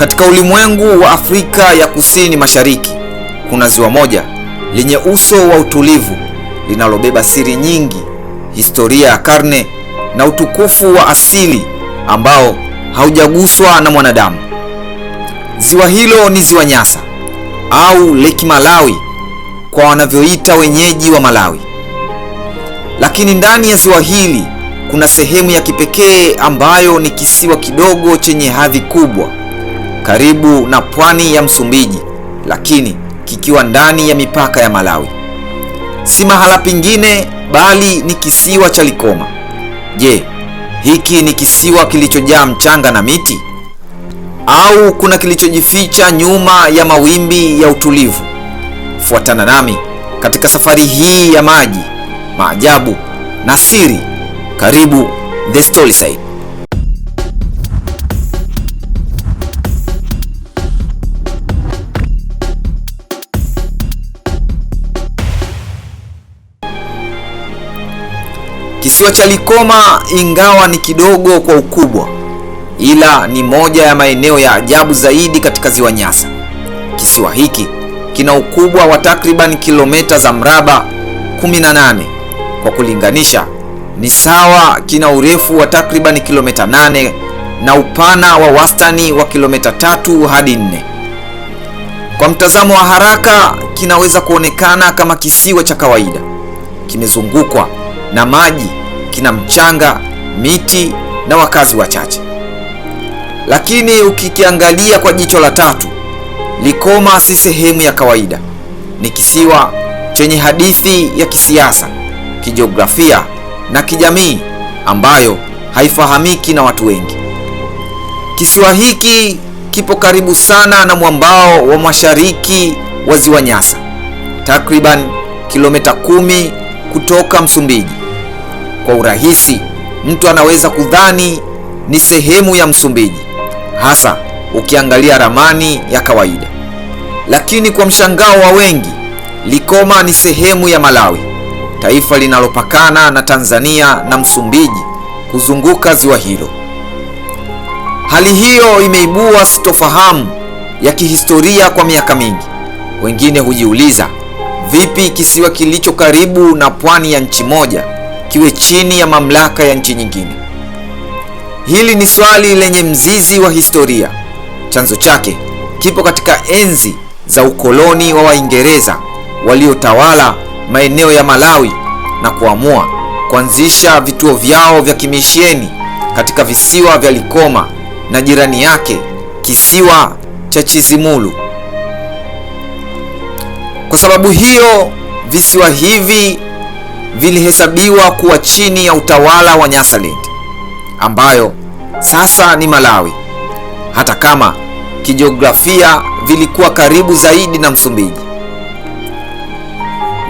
Katika ulimwengu wa Afrika ya Kusini Mashariki kuna ziwa moja lenye uso wa utulivu linalobeba siri nyingi, historia ya karne na utukufu wa asili ambao haujaguswa na mwanadamu. Ziwa hilo ni Ziwa Nyasa au Lake Malawi kwa wanavyoita wenyeji wa Malawi. Lakini ndani ya ziwa hili kuna sehemu ya kipekee ambayo ni kisiwa kidogo chenye hadhi kubwa karibu na pwani ya Msumbiji, lakini kikiwa ndani ya mipaka ya Malawi. Si mahala pengine bali ni kisiwa cha Likoma. Je, hiki ni kisiwa kilichojaa mchanga na miti au kuna kilichojificha nyuma ya mawimbi ya utulivu? Fuatana nami katika safari hii ya maji, maajabu na siri. Karibu The Storyside. Kisiwa cha Likoma ingawa ni kidogo kwa ukubwa, ila ni moja ya maeneo ya ajabu zaidi katika ziwa Nyasa. Kisiwa hiki kina ukubwa wa takriban kilomita za mraba 18. Kwa kulinganisha, ni sawa, kina urefu wa takriban kilomita 8 na upana wa wastani wa kilomita 3 hadi 4. Kwa mtazamo wa haraka, kinaweza kuonekana kama kisiwa cha kawaida, kimezungukwa na maji kina mchanga, miti na wakazi wachache. Lakini ukikiangalia kwa jicho la tatu, Likoma si sehemu ya kawaida. Ni kisiwa chenye hadithi ya kisiasa, kijiografia na kijamii ambayo haifahamiki na watu wengi. Kisiwa hiki kipo karibu sana na mwambao wa mashariki wa Ziwa Nyasa, takriban kilomita kumi kutoka Msumbiji kwa urahisi mtu anaweza kudhani ni sehemu ya Msumbiji, hasa ukiangalia ramani ya kawaida. Lakini kwa mshangao wa wengi, Likoma ni sehemu ya Malawi, taifa linalopakana na Tanzania na Msumbiji kuzunguka ziwa hilo. Hali hiyo imeibua sitofahamu ya kihistoria kwa miaka mingi. Wengine hujiuliza, vipi kisiwa kilicho karibu na pwani ya nchi moja kiwe chini ya mamlaka ya nchi nyingine? Hili ni swali lenye mzizi wa historia. Chanzo chake kipo katika enzi za ukoloni wa Waingereza waliotawala maeneo ya Malawi na kuamua kuanzisha vituo vyao vya kimisheni katika visiwa vya Likoma na jirani yake kisiwa cha Chizimulu. Kwa sababu hiyo, visiwa hivi vilihesabiwa kuwa chini ya utawala wa Nyasaland ambayo sasa ni Malawi, hata kama kijiografia vilikuwa karibu zaidi na Msumbiji.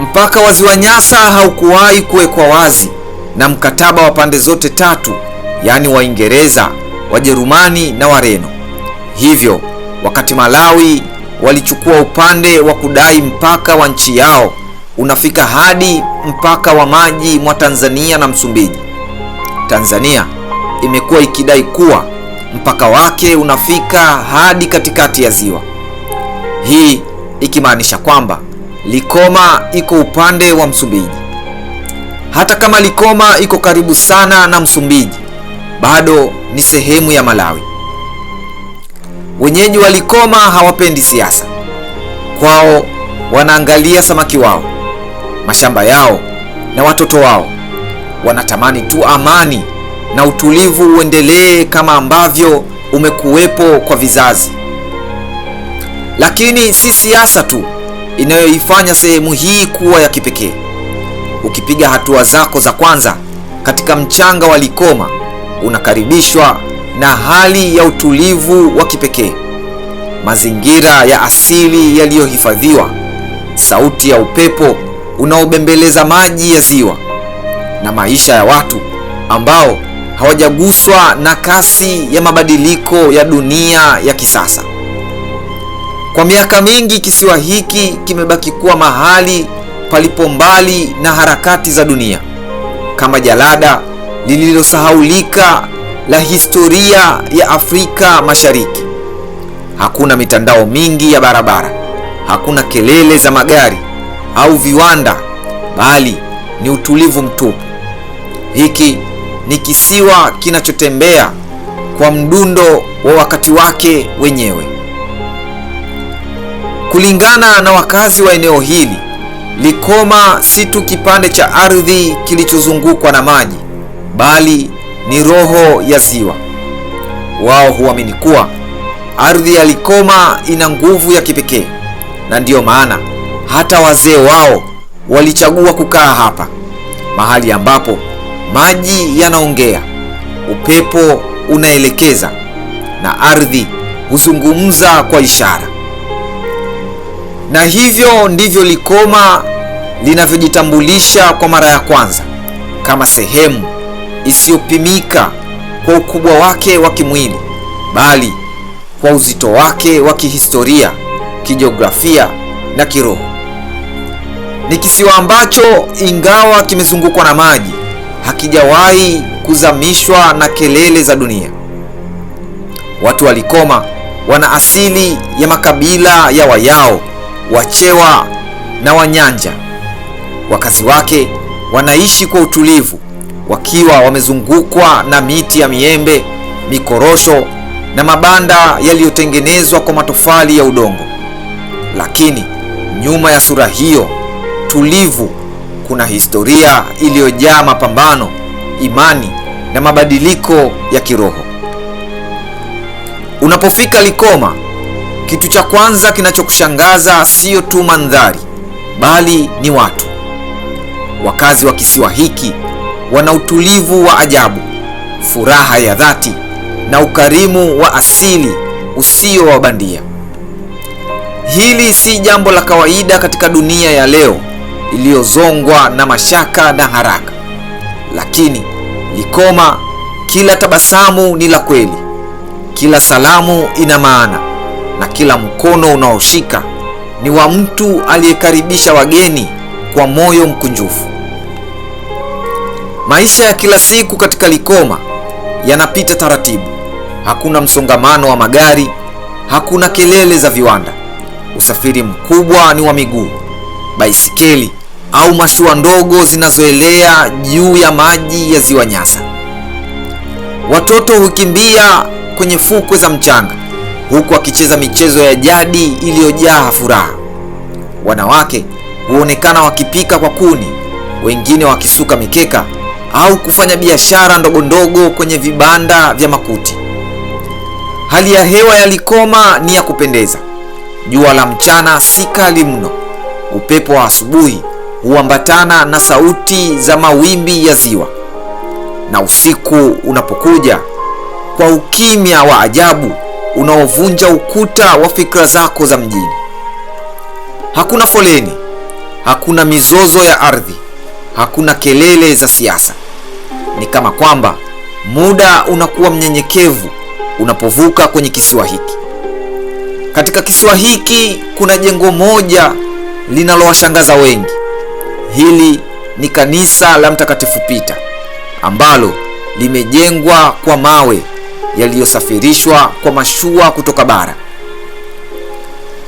Mpaka wa ziwa Nyasa haukuwahi kuwekwa wazi na mkataba wa pande zote tatu, yaani Waingereza, Wajerumani na Wareno. Hivyo wakati Malawi walichukua upande wa kudai mpaka wa nchi yao unafika hadi mpaka wa maji mwa Tanzania na Msumbiji. Tanzania imekuwa ikidai kuwa mpaka wake unafika hadi katikati ya ziwa, hii ikimaanisha kwamba Likoma iko upande wa Msumbiji. Hata kama Likoma iko karibu sana na Msumbiji, bado ni sehemu ya Malawi. Wenyeji wa Likoma hawapendi siasa, kwao wanaangalia samaki wao mashamba yao na watoto wao. Wanatamani tu amani na utulivu uendelee kama ambavyo umekuwepo kwa vizazi. Lakini si siasa tu inayoifanya sehemu hii kuwa ya kipekee. Ukipiga hatua zako za kwanza katika mchanga wa Likoma, unakaribishwa na hali ya utulivu wa kipekee, mazingira ya asili yaliyohifadhiwa, sauti ya upepo unaobembeleza maji ya ziwa na maisha ya watu ambao hawajaguswa na kasi ya mabadiliko ya dunia ya kisasa. Kwa miaka mingi, kisiwa hiki kimebaki kuwa mahali palipo mbali na harakati za dunia, kama jalada lililosahaulika la historia ya Afrika Mashariki. Hakuna mitandao mingi ya barabara, hakuna kelele za magari au viwanda, bali ni utulivu mtupu. Hiki ni kisiwa kinachotembea kwa mdundo wa wakati wake wenyewe. Kulingana na wakazi wa eneo hili, Likoma si tu kipande cha ardhi kilichozungukwa na maji, bali ni roho ya ziwa. Wao huamini kuwa ardhi ya Likoma ina nguvu ya kipekee, na ndiyo maana hata wazee wao walichagua kukaa hapa, mahali ambapo maji yanaongea, upepo unaelekeza na ardhi huzungumza kwa ishara. Na hivyo ndivyo Likoma linavyojitambulisha kwa mara ya kwanza kama sehemu isiyopimika kwa ukubwa wake wa kimwili, bali kwa uzito wake wa kihistoria, kijiografia na kiroho. Ni kisiwa ambacho ingawa kimezungukwa na maji, hakijawahi kuzamishwa na kelele za dunia. Watu walikoma wana asili ya makabila ya Wayao, Wachewa na Wanyanja. Wakazi wake wanaishi kwa utulivu wakiwa wamezungukwa na miti ya miembe, mikorosho na mabanda yaliyotengenezwa kwa matofali ya udongo. Lakini nyuma ya sura hiyo utulivu kuna historia iliyojaa mapambano, imani na mabadiliko ya kiroho. Unapofika Likoma, kitu cha kwanza kinachokushangaza sio tu mandhari, bali ni watu. Wakazi wa kisiwa hiki wana utulivu wa ajabu, furaha ya dhati na ukarimu wa asili usio wa bandia. Hili si jambo la kawaida katika dunia ya leo iliyozongwa na mashaka na haraka, lakini Likoma, kila tabasamu ni la kweli, kila salamu ina maana, na kila mkono unaoshika ni wa mtu aliyekaribisha wageni kwa moyo mkunjufu. Maisha ya kila siku katika Likoma yanapita taratibu. Hakuna msongamano wa magari, hakuna kelele za viwanda. Usafiri mkubwa ni wa miguu, baisikeli, au mashua ndogo zinazoelea juu ya maji ya ziwa Nyasa. Watoto hukimbia kwenye fukwe za mchanga huku wakicheza michezo ya jadi iliyojaa furaha. Wanawake huonekana wakipika kwa kuni, wengine wakisuka mikeka au kufanya biashara ndogo ndogo kwenye vibanda vya makuti. Hali ya hewa ya Likoma ni ya kupendeza. Jua la mchana si kali mno. Upepo wa asubuhi huambatana na sauti za mawimbi ya ziwa, na usiku unapokuja kwa ukimya wa ajabu unaovunja ukuta wa fikra zako za mjini. Hakuna foleni, hakuna mizozo ya ardhi, hakuna kelele za siasa. Ni kama kwamba muda unakuwa mnyenyekevu unapovuka kwenye kisiwa hiki. Katika kisiwa hiki kuna jengo moja linalowashangaza wengi hili ni kanisa la Mtakatifu Pita ambalo limejengwa kwa mawe yaliyosafirishwa kwa mashua kutoka bara.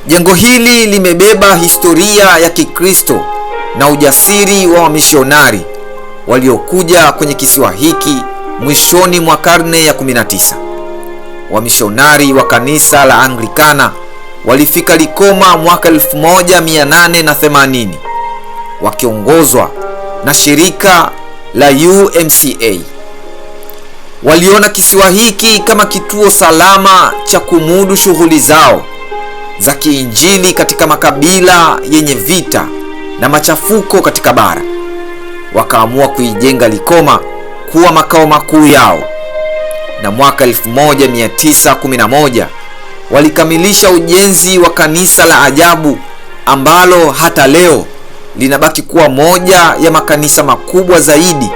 Jengo hili limebeba historia ya Kikristo na ujasiri wa wamishonari waliokuja kwenye kisiwa hiki mwishoni mwa karne ya 19. Wamishonari wa kanisa la Anglikana walifika Likoma mwaka 1880 wakiongozwa na shirika la UMCA waliona kisiwa hiki kama kituo salama cha kumudu shughuli zao za kiinjili katika makabila yenye vita na machafuko katika bara. Wakaamua kuijenga Likoma kuwa makao makuu yao, na mwaka 1911 walikamilisha ujenzi wa kanisa la ajabu ambalo hata leo linabaki kuwa moja ya makanisa makubwa zaidi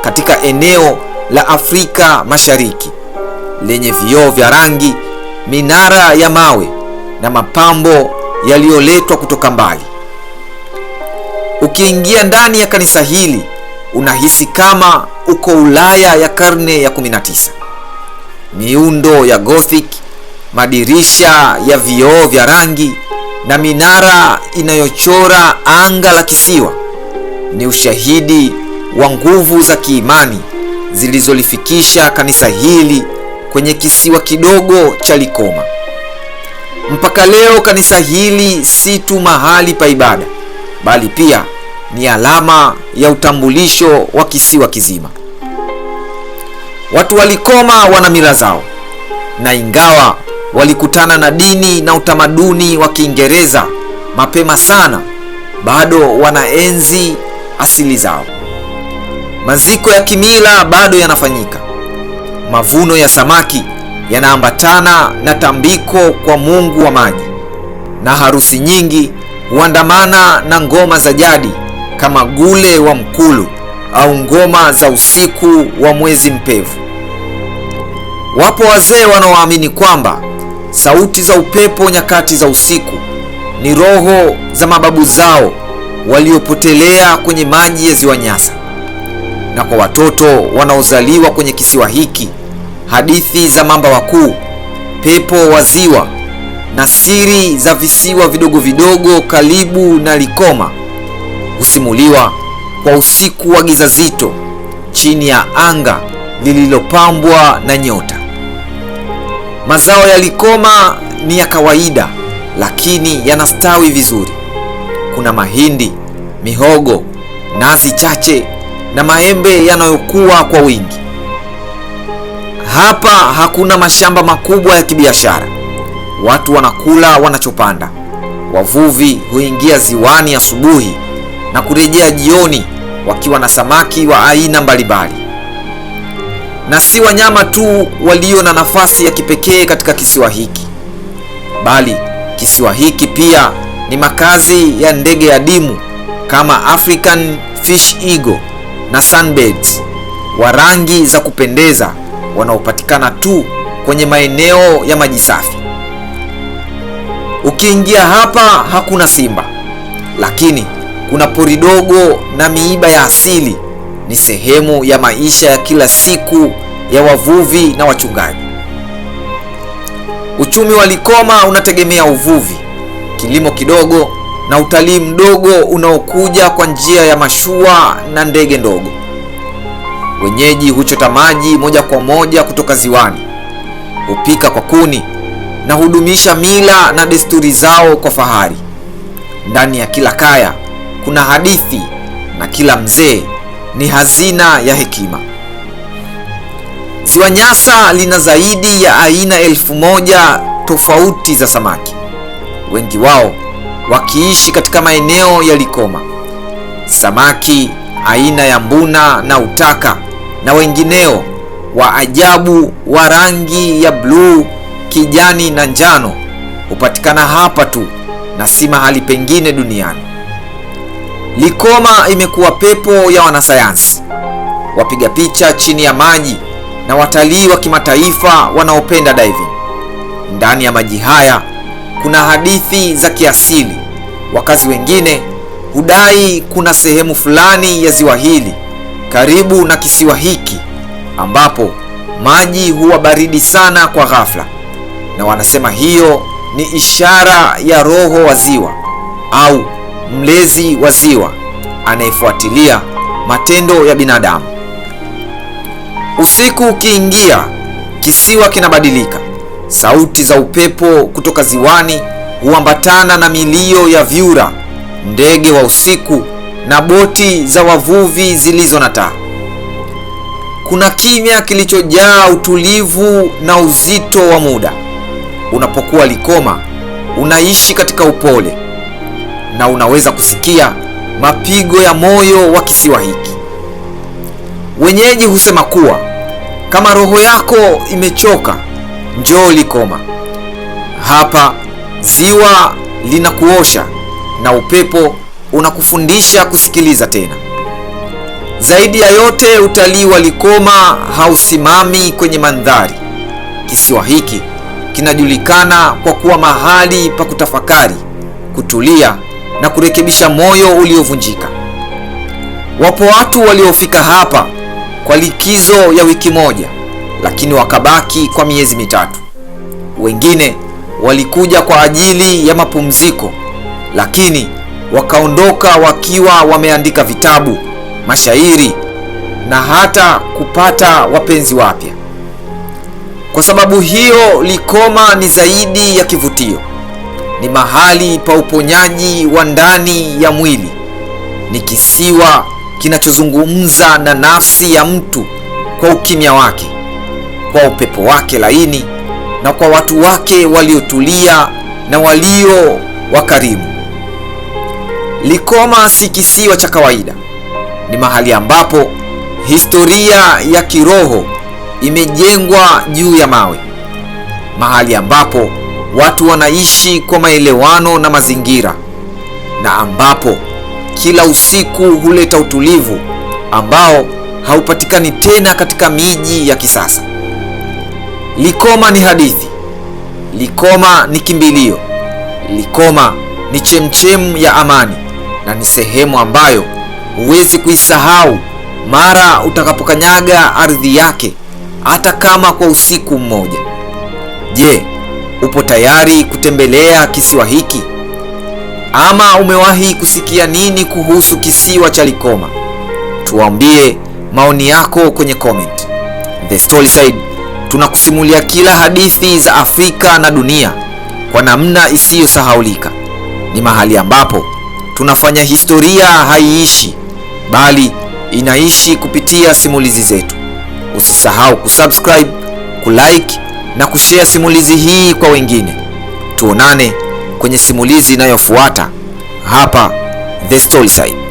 katika eneo la Afrika Mashariki lenye vioo vya rangi, minara ya mawe na mapambo yaliyoletwa kutoka mbali. Ukiingia ndani ya kanisa hili unahisi kama uko Ulaya ya karne ya 19. Miundo ya Gothic, madirisha ya vioo vya rangi na minara inayochora anga la kisiwa ni ushahidi wa nguvu za kiimani zilizolifikisha kanisa hili kwenye kisiwa kidogo cha Likoma. Mpaka leo kanisa hili si tu mahali pa ibada, bali pia ni alama ya utambulisho wa kisiwa kizima. Watu wa Likoma wana mila zao, na ingawa walikutana na dini na utamaduni wa Kiingereza mapema sana, bado wanaenzi asili zao. Maziko ya kimila bado yanafanyika. Mavuno ya samaki yanaambatana na tambiko kwa Mungu wa maji, na harusi nyingi huandamana na ngoma za jadi kama gule wa mkulu au ngoma za usiku wa mwezi mpevu. Wapo wazee wanaoamini kwamba sauti za upepo nyakati za usiku, ni roho za mababu zao waliopotelea kwenye maji ya ziwa Nyasa. Na kwa watoto wanaozaliwa kwenye kisiwa hiki, hadithi za mamba wakuu, pepo wa ziwa na siri za visiwa vidogo vidogo Kalibu na Likoma husimuliwa kwa usiku wa giza zito chini ya anga lililopambwa na nyota. Mazao yalikoma ni ya kawaida, lakini yanastawi vizuri. Kuna mahindi, mihogo, nazi chache na maembe yanayokuwa kwa wingi. Hapa hakuna mashamba makubwa ya kibiashara. Watu wanakula wanachopanda. Wavuvi huingia ziwani asubuhi na kurejea jioni wakiwa na samaki wa aina mbalimbali na si wanyama tu walio na nafasi ya kipekee katika kisiwa hiki, bali kisiwa hiki pia ni makazi ya ndege adimu kama African Fish Eagle na Sunbirds wa rangi za kupendeza wanaopatikana tu kwenye maeneo ya maji safi. Ukiingia hapa hakuna simba, lakini kuna pori dogo na miiba ya asili ni sehemu ya maisha ya kila siku ya wavuvi na wachungaji. Uchumi wa Likoma unategemea uvuvi, kilimo kidogo na utalii mdogo unaokuja kwa njia ya mashua na ndege ndogo. Wenyeji huchota maji moja kwa moja kutoka ziwani, hupika kwa kuni na hudumisha mila na desturi zao kwa fahari. Ndani ya kila kaya kuna hadithi na kila mzee ni hazina ya hekima. Ziwa Nyasa lina zaidi ya aina elfu moja tofauti za samaki, wengi wao wakiishi katika maeneo ya likoma Samaki aina ya mbuna na utaka na wengineo wa ajabu wa rangi ya bluu, kijani na njano hupatikana hapa tu na si mahali pengine duniani. Likoma imekuwa pepo ya wanasayansi, wapiga picha chini ya maji na watalii wa kimataifa wanaopenda diving. Ndani ya maji haya kuna hadithi za kiasili. Wakazi wengine hudai kuna sehemu fulani ya ziwa hili karibu na kisiwa hiki ambapo maji huwa baridi sana kwa ghafla, na wanasema hiyo ni ishara ya roho wa ziwa au mlezi wa ziwa anayefuatilia matendo ya binadamu. Usiku ukiingia, kisiwa kinabadilika. Sauti za upepo kutoka ziwani huambatana na milio ya vyura, ndege wa usiku na boti za wavuvi zilizo na taa. Kuna kimya kilichojaa utulivu na uzito wa muda. Unapokuwa Likoma, unaishi katika upole na unaweza kusikia mapigo ya moyo wa kisiwa hiki. Wenyeji husema kuwa kama roho yako imechoka, njoo Likoma. Hapa ziwa linakuosha na upepo unakufundisha kusikiliza tena. Zaidi ya yote, utalii wa Likoma hausimami kwenye mandhari. Kisiwa hiki kinajulikana kwa kuwa mahali pa kutafakari, kutulia na kurekebisha moyo uliovunjika. Wapo watu waliofika hapa kwa likizo ya wiki moja, lakini wakabaki kwa miezi mitatu. Wengine walikuja kwa ajili ya mapumziko, lakini wakaondoka wakiwa wameandika vitabu, mashairi na hata kupata wapenzi wapya. Kwa sababu hiyo, Likoma ni zaidi ya kivutio ni mahali pa uponyaji wa ndani ya mwili, ni kisiwa kinachozungumza na nafsi ya mtu kwa ukimya wake, kwa upepo wake laini, na kwa watu wake waliotulia na walio wa karibu. Likoma si kisiwa cha kawaida, ni mahali ambapo historia ya kiroho imejengwa juu ya mawe, mahali ambapo watu wanaishi kwa maelewano na mazingira, na ambapo kila usiku huleta utulivu ambao haupatikani tena katika miji ya kisasa. Likoma ni hadithi, Likoma ni kimbilio, Likoma ni chemchemu ya amani na ni sehemu ambayo huwezi kuisahau mara utakapokanyaga ardhi yake, hata kama kwa usiku mmoja. Je, upo tayari kutembelea kisiwa hiki? Ama umewahi kusikia nini kuhusu kisiwa cha Likoma? Tuambie maoni yako kwenye comment. The Side tunakusimulia kila hadithi za Afrika na dunia kwa namna isiyosahaulika. Ni mahali ambapo tunafanya historia haiishi, bali inaishi kupitia simulizi zetu. Usisahau kusubscribe, kulike na kushea simulizi hii kwa wengine. Tuonane kwenye simulizi inayofuata hapa The Storyside.